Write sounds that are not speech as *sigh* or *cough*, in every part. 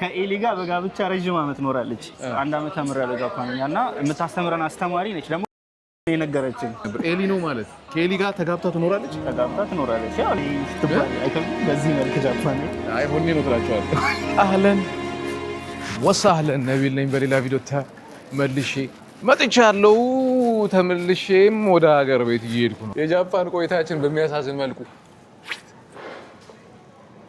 ከኤሊ ጋር በጋብቻ ረዥም ዓመት ኖራለች። አንድ ዓመት ተምሬያለሁ ጃፓንኛ እና የምታስተምረን አስተማሪ ነች። ደግሞ የነገረችን ኤሊ ነው ማለት ከኤሊ ጋር ተጋብታ ትኖራለች። ተጋብታ ትኖራለች። ያው በዚህ መልክ ጃፓን አይ ሆኔ ነው ትላቸዋለህ። አህለን ወሳህለን ነቢል ነኝ። በሌላ ቪዲዮ ተመልሼ መጥቻለሁ። ተመልሼም ወደ ሀገር ቤት እየሄድኩ ነው። የጃፓን ቆይታችን በሚያሳዝን መልኩ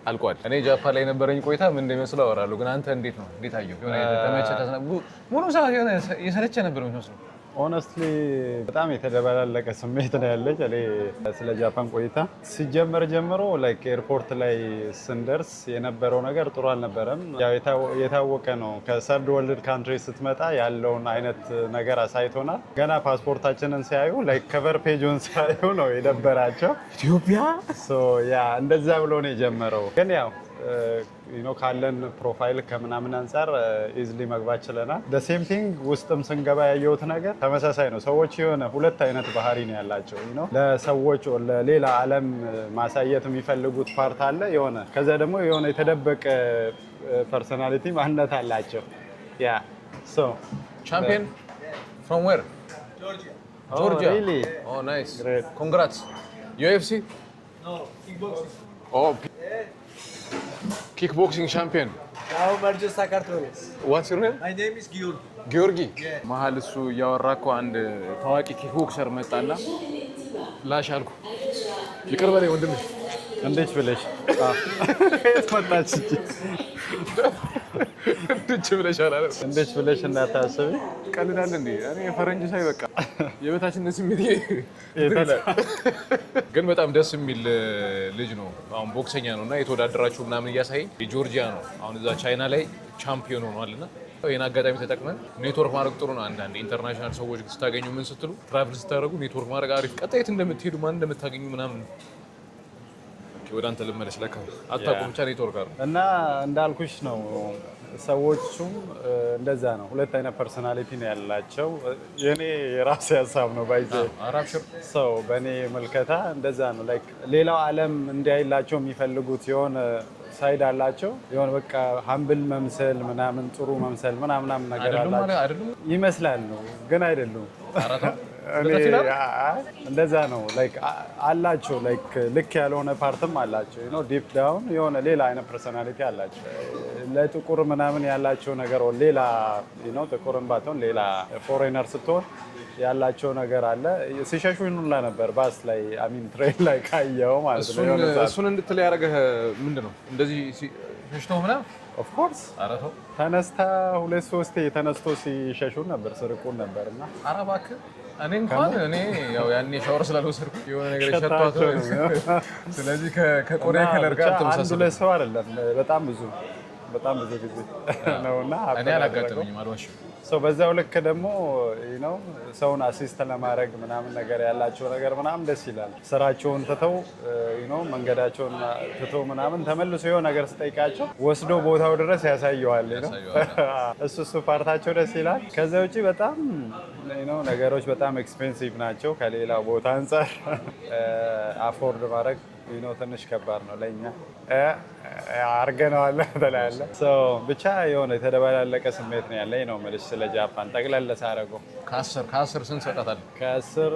አልቋል። እኔ ጃፓን ላይ የነበረኝ ቆይታ ምን እንደሚመስለው አወራለሁ፣ ግን አንተ እንዴት ነው? እንዴት አየሁ? የሆነ ተመቸህ? ሙሉ ሰዓት የሆነ የሰለቸ ነበር የሚመስለው ኦነስትሊ በጣም የተደበላለቀ ስሜት ነው ያለች። እኔ ስለ ጃፓን ቆይታ ሲጀመር ጀምሮ ላይክ ኤርፖርት ላይ ስንደርስ የነበረው ነገር ጥሩ አልነበረም። የታወቀ ነው። ከሰርድ ወርልድ ካንትሪ ስትመጣ ያለውን አይነት ነገር አሳይቶናል። ገና ፓስፖርታችንን ሲያዩ ላይክ ከቨር ፔጁን ሲያዩ ነው የደበራቸው። ኢትዮጵያ ያ እንደዛ ብሎ ነው የጀመረው ግን ያው ካለን ፕሮፋይል ከምናምን አንጻር ኢዝሊ መግባት ችለናል። ደሴም ቲንግ ውስጥም ስንገባ ያየሁት ነገር ተመሳሳይ ነው። ሰዎች የሆነ ሁለት አይነት ባህሪ ነው ያላቸው። ለሰዎች ለሌላ አለም ማሳየት የሚፈልጉት ፓርት አለ የሆነ ከዚያ ደግሞ የሆነ የተደበቀ ፐርሶናሊቲ ማንነት አላቸው። ያ ሶ ቻምፒየን ፍሮም ዌር ጆርጂያ ኮንግራትስ ዩኤፍሲ ኪክቦክሲንግ ሻምፒዮን ጊዮርጊ መሀል እሱ እያወራ እኮ አንድ ታዋቂ ኪክቦክሰር መጣና ላሽ አልኩ። ይቅር በለኝ ወንድም እንዴት ብለሽ መጣች እንዴት ብለሽ እናታስቢ ይቀልዳል እንዴ? እኔ ፈረንጅ ሳይ በቃ የበታችነት ስሜት ግን በጣም ደስ የሚል ልጅ ነው። አሁን ቦክሰኛ ነው እና የተወዳደራችሁ ምናምን እያሳይ የጆርጂያ ነው አሁን እዛ ቻይና ላይ ቻምፒዮን ሆኗል እና ይህን አጋጣሚ ተጠቅመን ኔትወርክ ማድረግ ጥሩ ነው። አንዳንድ ኢንተርናሽናል ሰዎች ስታገኙ ምን ስትሉ ትራቭል ስታደረጉ ኔትወርክ ማድረግ አሪፍ፣ ቀጣየት እንደምትሄዱ ማን እንደምታገኙ ምናምን ወደ አንተ ልመለስ። ለካ አታውቁም ብቻ ኔትወርክ አሉ እና እንዳልኩሽ ነው። ሰዎቹ እንደዛ ነው። ሁለት አይነት ፐርሶናሊቲ ነው ያላቸው። የኔ የራሴ ሀሳብ ነው ባይዘ ሰው በእኔ መልከታ እንደዛ ነው። ላይክ ሌላው ዓለም እንዲያይላቸው የሚፈልጉት የሆነ ሳይድ አላቸው የሆነ በቃ ሀምብል መምሰል ምናምን ጥሩ መምሰል ምናምናም ነገር አላቸው ይመስላል ነው ግን አይደሉም እንደዛ ነው አላቸው። ልክ ያልሆነ ፓርትም አላቸው። ዲፕ ዳውን የሆነ ሌላ አይነት ፐርሰናሊቲ አላቸው። ለጥቁር ምናምን ያላቸው ነገር ሌላ ጥቁርን ባትሆን ሌላ ፎሬነር ስትሆን ያላቸው ነገር አለ። ሲሸሹን ሁላ ነበር ባስ ላይ አሚን ትሬን ላይ ካየው ማለት ነው። እሱን እንድትለይ ያደረገህ ምንድን ነው? እንደዚህ ሸሽተው ምናምን ኦፍኮርስ ተነስታ ሁለት ሶስቴ ተነስቶ ሲሸሹን ነበር ስርቁን ነበር እና ኧረ እባክህ እኔ እንኳን እኔ ያው ያኔ ሻወር ስላልወሰድኩ የሆነ ነገር የሸቷት ስለዚህ ከቆዳ ከለር ጋር ተመሳሰለ። አንዱ ለሰው አይደለም በጣም ብዙ በጣም ብዙ ጊዜ ነውና እኔ አላጋጠመኝም፣ አልዋሽም። በዛው ልክ ደግሞ ነው ሰውን አሲስት ለማድረግ ምናምን ነገር ያላቸው ነገር ምናምን ደስ ይላል። ስራቸውን ትተው ነው መንገዳቸውን ትተው ምናምን ተመልሶ የሆነ ነገር ስጠይቃቸው ወስዶ ቦታው ድረስ ያሳየዋል። እሱ እሱ ፓርታቸው ደስ ይላል። ከዛ ውጭ በጣም ነው ነገሮች በጣም ኤክስፔንሲቭ ናቸው ከሌላ ቦታ አንጻር አፎርድ ማድረግ ነው ትንሽ ከባድ ነው ለእኛ አርገነዋለ ተላያለ ብቻ የሆነ የተደበላለቀ ስሜት ነው ያለኝ ነው የምልሽ ስለ ጃፓን ጠቅለል ሳደርገው ከአስር ከአስር ስንት ሰጣታል ከአስር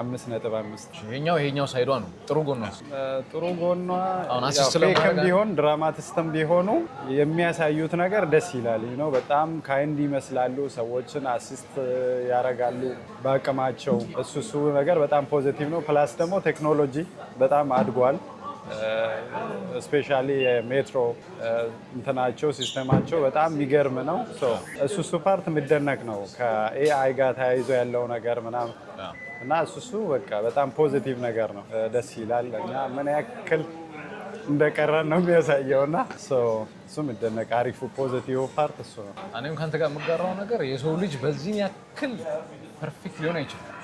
አምስት ነጥብ አምስት ይሄኛው ይሄኛው ሳይዷ ነው ጥሩ ጎኗ ጥሩ ጎኗ ፌክም ቢሆን ድራማቲስትም ቢሆኑ የሚያሳዩት ነገር ደስ ይላል ነው። በጣም ካይንድ ይመስላሉ፣ ሰዎችን አሲስት ያደርጋሉ በአቅማቸው። እሱ እሱ ነገር በጣም ፖዚቲቭ ነው። ፕላስ ደግሞ ቴክኖሎጂ በጣም አድጓል። ስፔሻሊ uh, የሜትሮ uh, uh, እንትናቸው ሲስተማቸው በጣም የሚገርም ነው። እሱ እሱ ፓርት የሚደነቅ ነው ከኤአይ ጋር ተያይዞ ያለው ነገር ምናምን እና እሱ እሱ በቃ በጣም ፖዚቲቭ ነገር ነው። ደስ ይላል። እኛ ምን ያክል እንደቀረን ነው የሚያሳየው እና እሱም የሚደነቅ አሪፉ ፖዚቲቭ ፓርት እሱ ነው። እኔም ከአንተ ጋር የምጋራው ነገር የሰው ልጅ በዚህ ያክል ፐርፌክት ሊሆን አይችልም።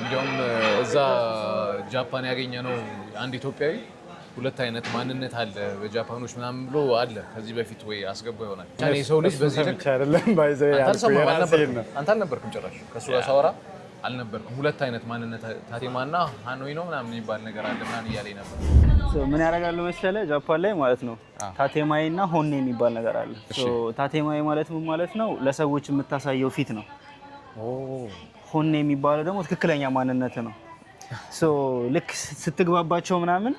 እንዲሁም እዛ ጃፓን ያገኘ ነው አንድ ኢትዮጵያዊ ሁለት አይነት ማንነት አለ በጃፓኖች ምናምን ብሎ አለ። ከዚህ በፊት ወይ አስገባ ይሆናል ሰው ልጅ በዚህ አንተ አልነበርክም ጭራሽ ከሱ ጋር ሳወራ አልነበርክም። ሁለት አይነት ማንነት ታቴማ እና ሀኖይ ነው ምናምን የሚባል ነገር አለ ምናምን እያለኝ ነበር። ምን ያደርጋሉ መሰለ ጃፓን ላይ ማለት ነው ታቴማዬ እና ሆኔ የሚባል ነገር አለ። ታቴማዬ ማለት ምን ማለት ነው? ለሰዎች የምታሳየው ፊት ነው ሆነ የሚባለው ደግሞ ትክክለኛ ማንነት ነው። ልክ ስትግባባቸው ምናምን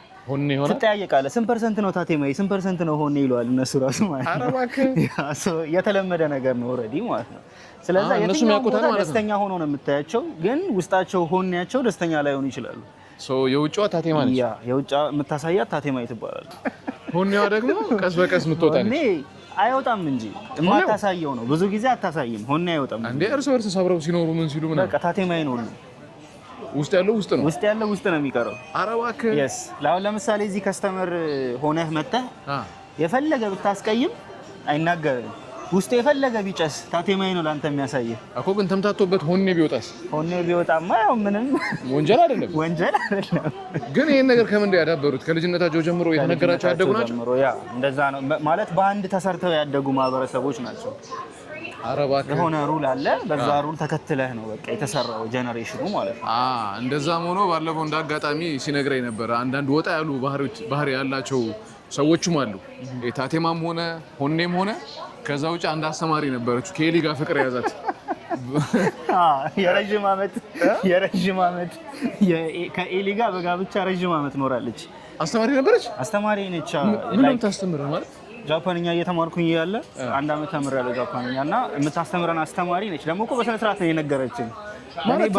ትጠያየቃለህ። ስንት ፐርሰንት ነው ታቴማዬ፣ ስንት ፐርሰንት ነው ሆነ ይለዋል። እነሱ ራሱ የተለመደ ነገር ነው ኦልሬዲ ማለት ነው። ስለዛ የትኛው ደስተኛ ሆኖ ነው የምታያቸው፣ ግን ውስጣቸው ሆኔያቸው ደስተኛ ላይሆኑ ይችላሉ። የውጭዋ ታቴማ ነች፣ የውጭ የምታሳያት ታቴማ ትባላለች። ሆኔዋ ደግሞ ቀስ በቀስ የምትወጣ ነች። አይወጣም እንጂ የማታሳየው ነው። ብዙ ጊዜ አታሳይም። ሆነ አይወጣም እንዴ እርስ በርስ አብረው ሲኖሩ ምን ሲሉ ምን በቃ ታቴማይ ነው ውስጥ ያለው ውስጥ ነው ውስጥ ያለው ውስጥ ነው የሚቀረው። ኧረ እባክህ የስ አሁን ለምሳሌ እዚህ ከስተመር ሆነህ መተህ የፈለገ ብታስቀይም አይናገርም ውስጥ የፈለገ ቢጨስ ታቴማይ ነው ላንተ የሚያሳየ እኮ። ግን ተምታቶበት ሆኔ ቢወጣስ? ሆኔ ቢወጣማ ያው ምንም *laughs* ወንጀል አይደለም፣ ወንጀል አይደለም። ግን ይሄን ነገር ከምን ያዳበሩት? ከልጅነታቸው ጀምሮ የተነገራቸው ያደጉ ናቸው። ያ እንደዛ ነው ማለት፣ በአንድ ተሰርተው ያደጉ ማህበረሰቦች ናቸው። አረባ የሆነ ሩል አለ። በዛ ሩል ተከትለህ ነው በቃ የተሰራው ጀነሬሽኑ ማለት ነው። እንደዛም ሆኖ ባለፈው እንደ አጋጣሚ ሲነግረኝ ነበረ አንዳንድ ወጣ ያሉ ባህሪ ያላቸው ሰዎችም አሉ። ታቴማም ሆነ ሆኔም ሆነ ከዛ ውጭ አንድ አስተማሪ ነበረች ከኤሊ ጋር ፍቅር የያዛት የረዥም ዓመት የረዥም ዓመት ከኤሊ ጋር በጋብቻ ረዥም ዓመት ኖራለች። አስተማሪ ነበረች። አስተማሪ ነች። ምንም የምታስተምር ማለት ጃፓንኛ እየተማርኩኝ ያለ አንድ ዓመት ተምሬያለሁ ጃፓንኛ እና የምታስተምረን አስተማሪ ነች። ደግሞ እኮ በስነ ስርዓት ነው የነገረችን።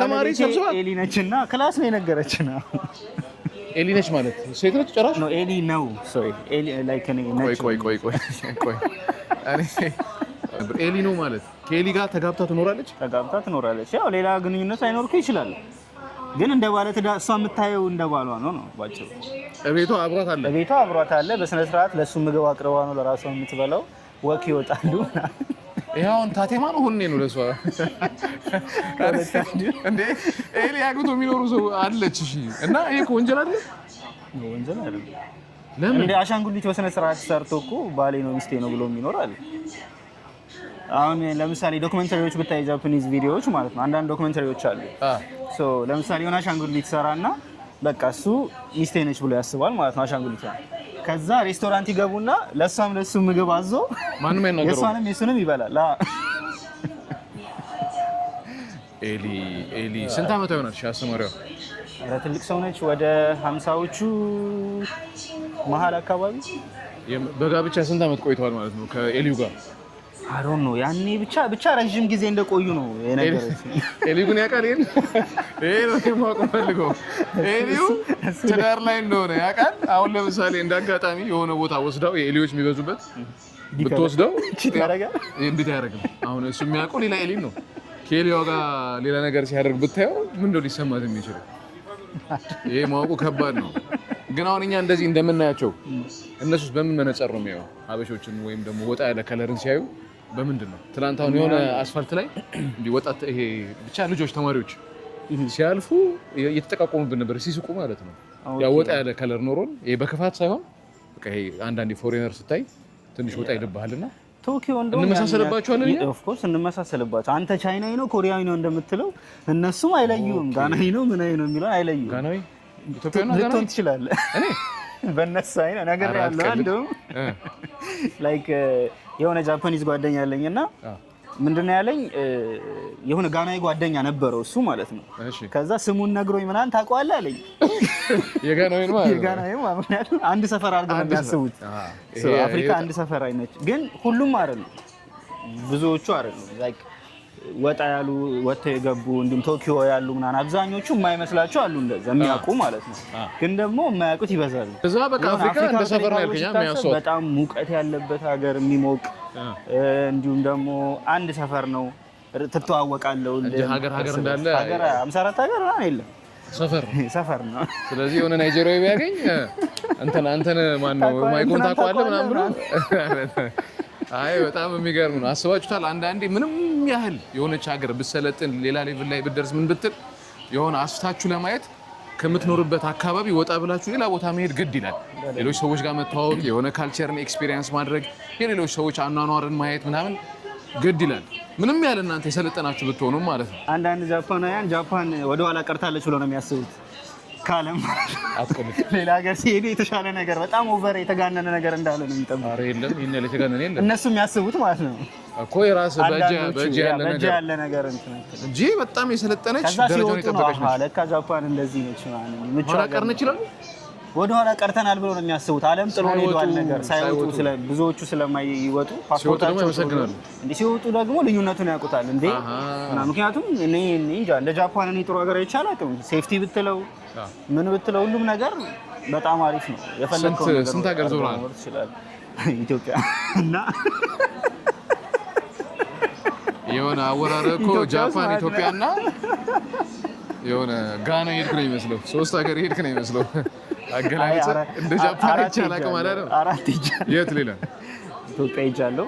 ተማሪ ኤሊ ነች እና ክላስ ነው የነገረችን። ኤሊ ነች ማለት ሴት ነች ጭራሽ ነው። ኤሊ ነው። ቆይ ቆይ ቆይ ኤሊ ነው ማለት ከኤሊ ጋር ተጋብታ ትኖራለች። ተጋብታ ትኖራለች። ያው ሌላ ግንኙነት አይኖርኩ ይችላል፣ ግን እንደ ባለ ትዳ እሷ የምታየው እንደ ባሏ ነው ነው ባጭሩ። እቤቷ አብሯት አለ፣ እቤቷ አብሯት አለ። በስነ ስርዓት ለሱ ምግብ አቅርባ ነው ለራሷ የምትበላው። ወክ ይወጣሉ። ይኸውን ታቴማ ነው ሁኔ ነው ለሷ እንዴ ኤሊ አግብቶ የሚኖሩ ሰው አለች። እሺ እና ይሄ ወንጀል አይደል? ወንጀል አይደል? እንደ አሻንጉሊት በስነ ስርዓት ሰርቶ እኮ ባሌ ነው ሚስቴ ነው ብሎ የሚኖር አለ። አሁን ለምሳሌ ዶክመንተሪዎች ብታይ ጃፓኒዝ ቪዲዮዎች ማለት ነው። አንዳንድ ዶክመንተሪዎች አሉ። ሶ ለምሳሌ የሆነ አሻንጉሊት ሰራና በቃ እሱ ሚስቴ ነች ብሎ ያስባል ማለት ነው አሻንጉሊቷ። ከዛ ሬስቶራንት ይገቡና ለእሷም ለሱ ምግብ አዞ የእሷንም የሱንም ይበላል። ኤሊ ኤሊ ስንት ዓመቷ ይሆናል? አስተማሪዋ ትልቅ ሰው ነች። ወደ ሀምሳዎቹ መሀል አካባቢ በጋብቻ ስንት ዓመት ቆይተዋል ማለት ነው ከኤልዩ ጋር? አሮን ነው ያኔ ብቻ ብቻ ረዥም ጊዜ እንደቆዩ ነው የነገረችኝ። ግን ያውቃል። ይሄን ነው ማወቅ ፈልገው ኤልዩ ትዳር ላይ እንደሆነ ያውቃል። አሁን ለምሳሌ እንዳጋጣሚ የሆነ ቦታ ወስዳው የኤልዮች የሚበዙበት ብትወስደው እንዴት አያደርግም? አሁን እሱ የሚያውቀው ሌላ ኤሊ ነው። ከኤልዩ ጋር ሌላ ነገር ሲያደርግ ብታየው ምን እንደው ሊሰማት የሚችለው ይሄ ማወቁ ከባድ ነው። ግን አሁን እኛ እንደዚህ እንደምናያቸው እነሱስ በምን መነጽር ነው የሚያዩ? ሀበሾችን ወይም ደግሞ ወጣ ያለ ከለርን ሲያዩ በምንድን ነው? ትናንት አሁን የሆነ አስፋልት ላይ *clears throat* እንዲህ ወጣት ይሄ ብቻ ልጆች ተማሪዎች ሲያልፉ እየተጠቃቆሙብን ነበር፣ ሲስቁ ማለት ነው። ያው ወጣ ያለ ከለር ኖሮን ይሄ በክፋት ሳይሆን በቃ ይሄ አንዳንዴ ፎሬነር ስታይ ትንሽ ወጣ ይልብሃልና ቶኪዮ እንመሳሰልባቸዋለን። ኦፍኮርስ እንመሳሰልባቸው። አንተ ቻይናዊ ነው ኮሪያዊ ነው እንደምትለው እነሱም አይለዩም። ጋናዊ ነው ምናዊ ነው የሚለው አይለዩም። ጋናዊ ልትሆን ትችላለህ። እኔ *laughs* በእነሱ አይነ ነገር ያለው ላይክ *laughs* የሆነ ጃፓኒዝ ጓደኛ አለኝ እና ምንድነው ያለኝ የሆነ ጋናዊ ጓደኛ ነበረው እሱ ማለት ነው። ከዛ ስሙን ነግሮኝ ምናምን ታውቀዋለህ አለኝ። *laughs* የጋናዊ ነው የጋናዊ አንድ ሰፈር አድርገው የሚያስቡት አፍሪካ አንድ ሰፈር አይነች፣ ግን ሁሉም አይደሉም ብዙዎቹ አይደሉም ላይክ ወጣ ያሉ ወጥተው የገቡ እንዲሁም ቶኪዮ ያሉ ምናምን አብዛኞቹ የማይመስላቸው አሉ፣ እንደዛ የሚያውቁ ማለት ነው። ግን ደግሞ የማያውቁት ይበዛሉ። እዛ በቃ አፍሪካ እንደ ሰፈር ነው ያልከኛ በጣም ሙቀት ያለበት ሀገር የሚሞቅ እንዲሁም ደግሞ አንድ ሰፈር ነው ትተዋወቃለው። ሀገር ሀገር እንዳለ ሀገር አምሳ አራት ሀገር ምናምን የለም ሰፈር *laughs* ሰፈር ነው። ስለዚህ የሆነ ናይጄሪያዊ ቢያገኝ እንትን አንተን ማን ነው ማይኮን ታውቀዋለህ ምናምን ብሎ *laughs* አይ በጣም የሚገርም ነው። አስባችሁታል? አንዳንዴ ምንም ያህል የሆነች ሀገር ብሰለጥን ሌላ ሌቭል ላይ ብደርስ ምን ብትል የሆነ አስታችሁ ለማየት ከምትኖርበት አካባቢ ወጣ ብላችሁ ሌላ ቦታ መሄድ ግድ ይላል። ሌሎች ሰዎች ጋር መተዋወቅ፣ የሆነ ካልቸርን ኤክስፒሪየንስ ማድረግ፣ የሌሎች ሰዎች አኗኗርን ማየት ምናምን ግድ ይላል። ምንም ያህል እናንተ የሰለጠናችሁ ብትሆኑም ማለት ነው። አንዳንድ ጃፓናውያን ጃፓን ወደኋላ ቀርታለች ብሎ ነው የሚያስቡት እስካለም ሌላ ሀገር ሲሄዱ የተሻለ ነገር በጣም ኦቨር የተጋነነ ነገር እንዳለ ነው የሚጠብቁት። እነሱ የሚያስቡት ማለት ነው እኮ የራስ በእጅ ያለ ነገር እንጂ በጣም የሰለጠነች ደረጃውን የጠበቀች ነች። ለካ ጃፓን እንደዚህ ነች። ምቹ ሀገር ነች ይላሉ ወደኋላ ቀርተናል ብሎ ነው የሚያስቡት። ዓለም ጥሎ ሄዷል ነገር ሳይወጡ ብዙዎቹ ስለማይወጡ ፓስፖርታቸው ሲወጡ ደግሞ ልዩነቱን ያውቁታል እንዴ። ምክንያቱም እኔ እንጃ እንደ ጃፓን እኔ ጥሩ ሀገር አይቻል አቅም ሴፍቲ ብትለው ምን ብትለው ሁሉም ነገር በጣም አሪፍ ነው። የፈለግከው ስንት ሀገር ዞራል ኢትዮጵያ *laughs* እና የሆነ አወራረኮ እኮ ጃፓን ኢትዮጵያና የሆነ ጋና ሄድክ ነው የሚመስለው። ሶስት ሀገር ሄድክ ነው የሚመስለው። አገላለጽ እንደ ጃፓን ይቻል አቅም ነው። አራት ይቻል። የት ሌላ? ኢትዮጵያ ይቻለው፣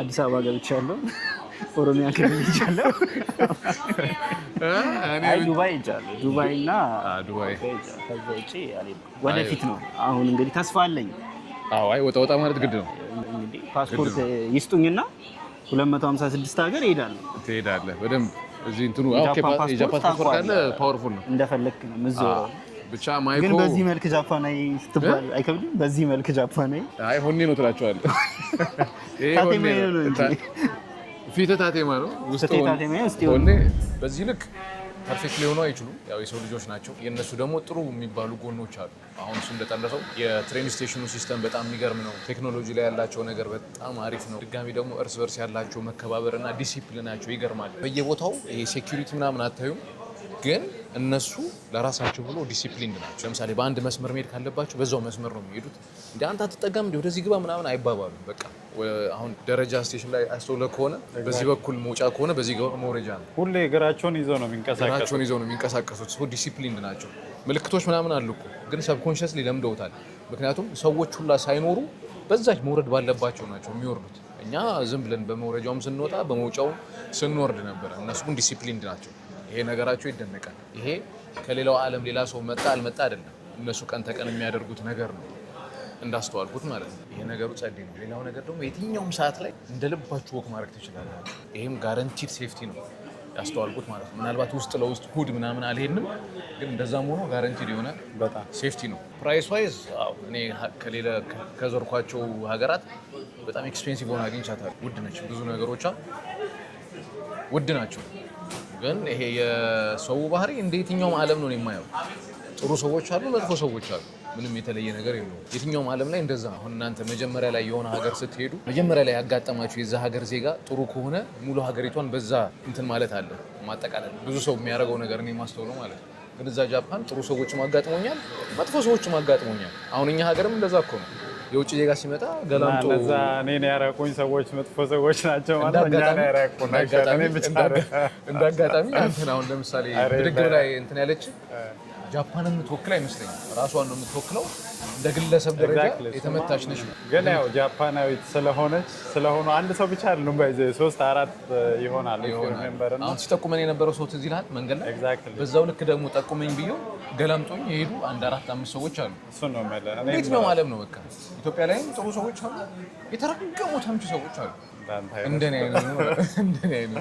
አዲስ አበባ ገብቻለሁ፣ ኦሮሚያ ክልል ይቻለሁ፣ ዱባይ ይቻለሁ። ዱባይ እና ዱባይ ውጭ ወደፊት ነው። አሁን እንግዲህ ተስፋ አለኝ። አይ ወጣ ወጣ ማለት ግድ ነው። ፓስፖርት ይስጡኝና 256 ሀገር ይሄዳለሁ። ትሄዳለህ በደንብ እዚህ እንትኑ የጃፓን ፓስፖርት ካለ ፓወርፉል ነው፣ እንደፈለክ ነው የምትዞረው። ብቻ ማይኮ ግን በዚህ መልክ ጃፓናዊ ስትባል አይከብድም። በዚህ መልክ ጃፓናዊ አይ ሆኔ ነው ትላቸዋለህ። *laughs* ፊትህ ታቴማ ነው ውስጥ ሆኔ በዚህ ልክ ፐርፌክት ሊሆኑ አይችሉም። ያው የሰው ልጆች ናቸው። የእነሱ ደግሞ ጥሩ የሚባሉ ጎኖች አሉ። አሁን እሱ እንደጠረሰው የትሬን ስቴሽኑ ሲስተም በጣም የሚገርም ነው። ቴክኖሎጂ ላይ ያላቸው ነገር በጣም አሪፍ ነው። ድጋሚ ደግሞ እርስ በርስ ያላቸው መከባበርና ዲሲፕሊናቸው ይገርማል። በየቦታው ሴኪሪቲ ምናምን አታዩም ግን እነሱ ለራሳቸው ብሎ ዲሲፕሊን ናቸው። ለምሳሌ በአንድ መስመር መሄድ ካለባቸው በዛው መስመር ነው የሚሄዱት። እንደ አንተ አትጠጋም፣ ወደዚህ ግባ ምናምን አይባባሉም። በቃ አሁን ደረጃ ስቴሽን ላይ አስተውለ ከሆነ በዚህ በኩል መውጫ ከሆነ በዚህ መውረጃ ነው። ሁሌ እግራቸውን ይዘው ነው የሚንቀሳቀሱት፣ እግራቸውን ይዘው ነው የሚንቀሳቀሱት። ሰው ዲሲፕሊንድ ናቸው። ምልክቶች ምናምን አሉ እኮ ግን ሰብኮንሽስሊ ለምደውታል። ምክንያቱም ሰዎች ሁላ ሳይኖሩ በዛች መውረድ ባለባቸው ናቸው የሚወርዱት። እኛ ዝም ብለን በመውረጃውም ስንወጣ በመውጫውም ስንወርድ ነበረ። እነሱ ግን ዲሲፕሊንድ ናቸው። ይሄ ነገራቸው ይደነቃል። ይሄ ከሌላው ዓለም ሌላ ሰው መጣ አልመጣ አይደለም፣ እነሱ ቀን ተቀን የሚያደርጉት ነገር ነው። እንዳስተዋልኩት ማለት ነው። ይሄ ነገሩ ጸዴ ነው። ሌላው ነገር ደግሞ የትኛውም ሰዓት ላይ እንደ ልባችሁ ወክ ማድረግ ትችላላችሁ። ይህም ጋረንቲድ ሴፍቲ ነው ያስተዋልኩት ማለት ነው። ምናልባት ውስጥ ለውስጥ ሁድ ምናምን አልሄድንም፣ ግን እንደዛም ሆኖ ጋረንቲድ የሆነ በጣም ሴፍቲ ነው። ፕራይስ ዋይዝ እኔ ከሌለ ከዞርኳቸው ሀገራት በጣም ኤክስፔንሲቭ ሆነ አግኝቻታለሁ። ውድ ነች፣ ብዙ ነገሮቿ ውድ ናቸው። ግን ይሄ የሰው ባህሪ እንደ የትኛውም ዓለም ነው የማየው። ጥሩ ሰዎች አሉ፣ መጥፎ ሰዎች አሉ። ምንም የተለየ ነገር የለውም። የትኛውም ዓለም ላይ እንደዛ አሁን እናንተ መጀመሪያ ላይ የሆነ ሀገር ስትሄዱ መጀመሪያ ላይ ያጋጠማችሁ የዛ ሀገር ዜጋ ጥሩ ከሆነ ሙሉ ሀገሪቷን በዛ እንትን ማለት አለ ማጠቃለል ብዙ ሰው የሚያደርገው ነገር እኔ ማስተውለው ማለት ነው። ግን እዛ ጃፓን ጥሩ ሰዎችም አጋጥሞኛል፣ መጥፎ ሰዎችም አጋጥሞኛል። አሁን እኛ ሀገርም እንደዛ እኮ ነው። የውጭ ዜጋ ሲመጣ ገላምጦ እዛ እኔን ያረቁኝ ሰዎች መጥፎ ሰዎች ናቸው ማለት አሁን ለምሳሌ ብድግ ላይ እንትን ያለች ጃፓንን የምትወክል አይመስለኝም። ራሷን ነው የምትወክለው። እንደ ግለሰብ ደረጃ የተመታች ነች። ግን ያው ጃፓናዊት ስለሆነች ስለሆኑ አንድ ሰው ብቻ አይደሉም፣ ሶስት አራት ይሆናል። አሁን ሲጠቁመን የነበረው ሰው ትዝ ይልሃል መንገድ ላይ። በዛው ልክ ደግሞ ጠቁመኝ ብዬው ገላምጦኝ የሄዱ አንድ አራት አምስት ሰዎች አሉ። እንዴት ነው ማለም ነው በቃ። ኢትዮጵያ ላይም ጥሩ ሰዎች አሉ፣ የተረገሙ ተምቹ ሰዎች አሉ። እንደኔ አይነት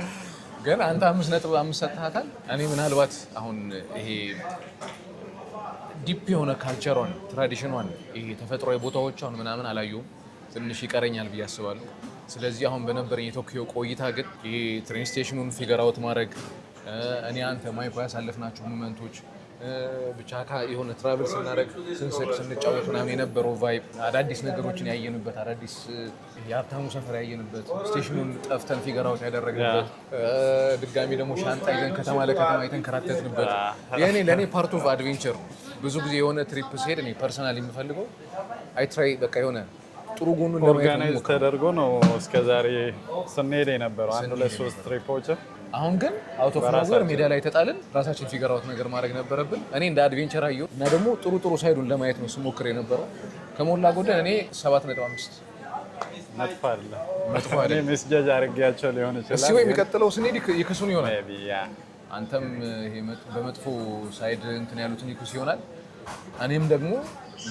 ግን አንተ አምስት ነጥብ አምስት ሰጥሃታል። እኔ ምናልባት አሁን ይሄ ዲፕ የሆነ ካልቸሯን ትራዲሽኗን ይሄ ተፈጥሯዊ ቦታዎቿን ምናምን አላየሁም ትንሽ ይቀረኛል ብዬ አስባለሁ። ስለዚህ አሁን በነበረኝ የቶኪዮ ቆይታ ግን ይሄ ትሬን ስቴሽኑን ፊገር አውት ማድረግ እኔ አንተ ማይኮ ያሳለፍናቸው ሞመንቶች ብቻ የሆነ ትራቨል ስናደርግ ስንስቅ ስንጫወት ምናምን የነበረው ቫይብ አዳዲስ ነገሮችን ያየንበት አዳዲስ የሀብታሙ ሰፈር ያየንበት ስቴሽኑን ጠፍተን ፊገራዎች ያደረግንበት ድጋሚ ደግሞ ሻንጣ ይዘን ከተማ ለከተማ የተንከራተትንበት ይህኔ ለእኔ ፓርት ኦፍ አድቬንቸር ብዙ ጊዜ የሆነ ትሪፕ ስሄድ እኔ ፐርሰናል የምፈልገው አይ ትራይ በቃ የሆነ ጥሩ ጎኑ ኦርጋናይዝ ተደርጎ ነው እስከዛሬ ስንሄድ የነበረው አንድ ሁለት ሶስት ትሪፖችን። አሁን ግን አውቶ ፍራዘር ናዝር ሜዳ ላይ ተጣልን። ራሳችን ፊገር አውት ነገር ማድረግ ነበረብን። እኔ እንደ አድቬንቸር አየሁ እና ደግሞ ጥሩ ጥሩ ሳይዱን ለማየት ነው ስሞክር የነበረው። ከሞላ ጎደል እኔ 7.5 መጥፎ አለ መጥፎ አለ። እኔ አድርጌያቸው ሊሆን ይችላል። እስኪ ወይ የሚቀጥለው ስንሄድ ይክሱን ይሆናል። አንተም በመጥፎ ሳይድ እንትን ያሉትን ይክሱ ይሆናል። እኔም ደግሞ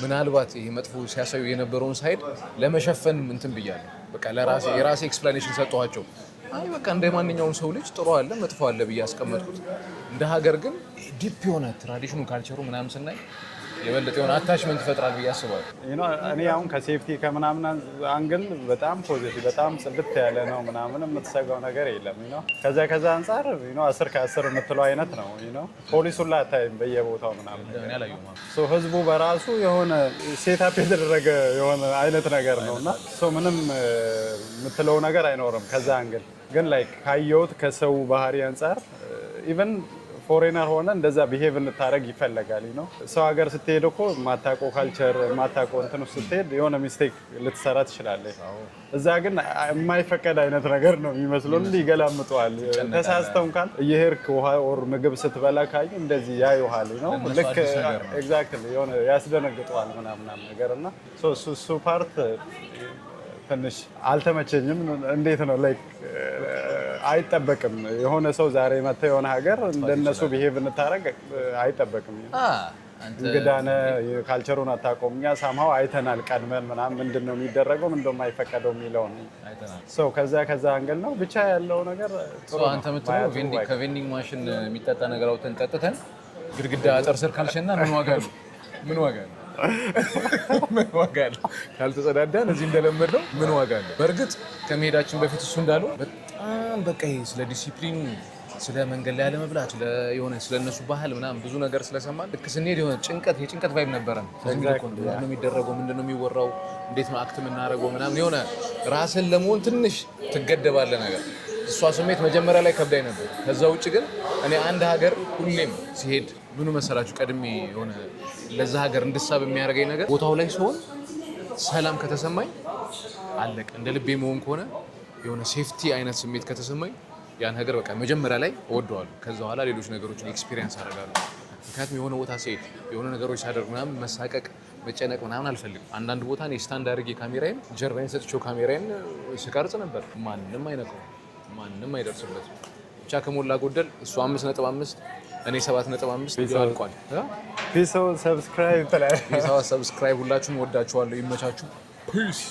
ምናልባት ይሄ መጥፎ ሲያሳዩ የነበረውን ሳይድ ለመሸፈን እንትን ብያለሁ። በቃ ለራሴ የራሴ ኤክስፕላኔሽን ሰጠኋቸው። አይ በቃ እንደ ማንኛውም ሰው ልጅ ጥሩ አለ መጥፎ አለ ብዬ አስቀመጥኩት። እንደ ሀገር ግን ዲፕ የሆነ ትራዲሽኑ ካልቸሩ ምናምን ስናይ የበለጠ የሆነ አታችመንት ይፈጥራል ብዬ አስባለሁ። እኔ አሁን ከሴፍቲ ከምናምን አንግል በጣም ፖዚቲቭ፣ በጣም ጽድት ያለ ነው ምናምን የምትሰጋው ነገር የለም። ከዛ ከዛ አንጻር አስር ከአስር የምትለው አይነት ነው። ፖሊሱን ላታይም በየቦታው ምናምን ህዝቡ በራሱ የሆነ ሴታፕ የተደረገ የሆነ አይነት ነገር ነው እና ምንም uh, የምትለው ነገር አይኖርም። ከዛ አንግል ግን ላይክ ካየሁት ከሰው ባህሪ አንጻር ኢቨን uh, ፎሬነር ሆነ እንደዛ ቢሄቭ እንታደረግ ይፈለጋል ነው። ሰው ሀገር ስትሄድ እኮ ማታቆ ካልቸር ማታቆ እንትን ስትሄድ የሆነ ሚስቴክ ልትሰራ ትችላለህ። እዛ ግን የማይፈቀድ አይነት ነገር ነው የሚመስለው። እንዲ ይገላምጠዋል። ተሳስተው እንኳን እየሄድክ ውሃ ኦር ምግብ ስትበላ ካዩ እንደዚህ ያዩሃል ነው። ልክ ኤግዛክትሊ የሆነ ያስደነግጠዋል ምናምናም ነገር እና እሱ ፓርት ትንሽ አልተመቸኝም። እንዴት ነው ላይክ አይጠበቅም። የሆነ ሰው ዛሬ መጥተህ የሆነ ሀገር እንደነሱ ቢሄቭ እንታረግ አይጠበቅም። እንግዳ ነህ፣ ካልቸሩን አታውቀውም። እኛ ሳምሃው አይተናል ቀድመን ምናምን ምንድን ነው የሚደረገው ምንድን ነው የማይፈቀደው የሚለውን ሰው ከዛ ከዛ አንገል ነው ብቻ ያለው ነገር አንተ የምትለው ከቬንዲንግ ማሽን የሚጠጣ ነገር አውጥተን ጠጥተን ግድግዳ አጥር ስር ካልሸና ምን ዋጋ ነው? ምን ዋጋ ነው? ምን ዋጋ ነው? ካልተጸዳዳን እዚህ እንደለመድነው ምን ዋጋ ነው? በእርግጥ ከመሄዳችን በፊት እሱ እንዳለው በጣም በቃ ስለ ዲሲፕሊኑ ስለ መንገድ ላይ አለመብላት የሆነ ስለ እነሱ ባህል ምናምን ብዙ ነገር ስለሰማን ልክ ስንሄድ የሆነ ጭንቀት የጭንቀት ቫይብ ነበረ። ነው የሚደረገው፣ ምንድን ነው የሚወራው፣ እንዴት ነው አክት የምናደርገው ምናምን የሆነ ራስን ለመሆን ትንሽ ትገደባለ ነገር እሷ ስሜት መጀመሪያ ላይ ከብዳይ ነበር። ከዛ ውጭ ግን እኔ አንድ ሀገር ሁሌም ሲሄድ ምኑ መሰላችሁ ቀድሜ የሆነ ለዛ ሀገር እንድሳብ የሚያደርገኝ ነገር ቦታው ላይ ሲሆን ሰላም ከተሰማኝ አለቀ። እንደ ልቤ መሆን ከሆነ የሆነ ሴፍቲ አይነት ስሜት ከተሰማኝ ያን ሀገር በቃ መጀመሪያ ላይ እወደዋለሁ። ከዛ በኋላ ሌሎች ነገሮችን ኤክስፒሪየንስ አደርጋለሁ። ምክንያቱም የሆነ ቦታ ሲሄድ የሆነ ነገሮች ሳደርግ ምናምን መሳቀቅ መጨነቅ ምናምን አልፈልግም። አንዳንድ ቦታ እኔ ስታንድ አድርጌ ካሜራዬን ጀርባዬን ሰጥቼው ካሜራዬን ስቀርጽ ነበር። ማንም አይነቀው፣ ማንም አይደርስበት። ብቻ ከሞላ ጎደል እሱ አምስት ነጥብ አምስት እኔ ሰባት ነጥብ አምስት አልቋል። ሰብስክራይብ ሁላችሁም ወዳችኋለሁ። ይመቻችሁ። ፒስ